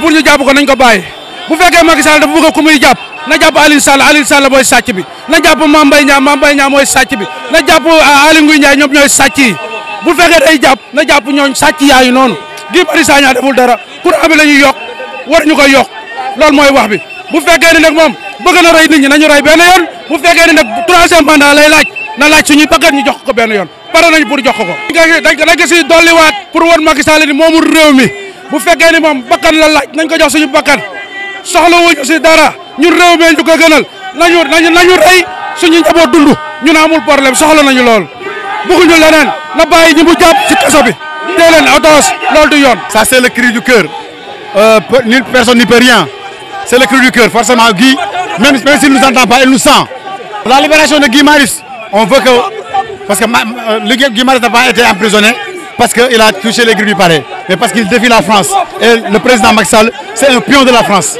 pour ñu jàpp ko nañ ko bàyyi bu fekkee Macky Sall dafa bëgg ku muy jàpp na jàpp Aliou Sall Aliou Sall mooy sàcc bi na jàpp Mame Mbaye Niang Mame Mbaye Niang bi na jàpp ah, Aly Ngouille Ndiaye ñoom ñooy sàcc yi bu fekkee day jàpp na jàpp ñooñ sàcc yaayu noonu Guy Marius Sagna deful dara courant bi la ñuy yokk war ñu koy yokk loolu mooy wax bi bu fekkee ni nag moom bëgg na rey nit ñi nañu rey benn yoon bu fekkee ni nag troisième mandat lay laaj na laaj suñuy bakkan ñu jox ko benn yoon pare pour jox ko ko dañ ko siy dolliwaat pour won Macky Sall ni moomul réew mi bu fekkee ni moom bakkan la laaj nañ ko jox suñu bakkan soxlawuñu si dara ñun réew mi ñu ko gënal nañu nañu nañu rey suñu njaboot dund ñun amul problème soxla nañu lool bëgguñu leneen na bàyyi ñi mu jàpp si kaso bi tee leen otoos du yoon ça c'est le cri du cœur euh, nul personne n'y peut rien c'est le cri du cœur forcément Guy même, même s'il nous entend pas il nous sent la libération de Guy Marius on veut que parce que euh, le Guy Marius n'a pas été emprisonné parce qu'il a touché les grilles du palais, mais parce qu'il défie la France. Et le président Maxal, c'est un pion de la France.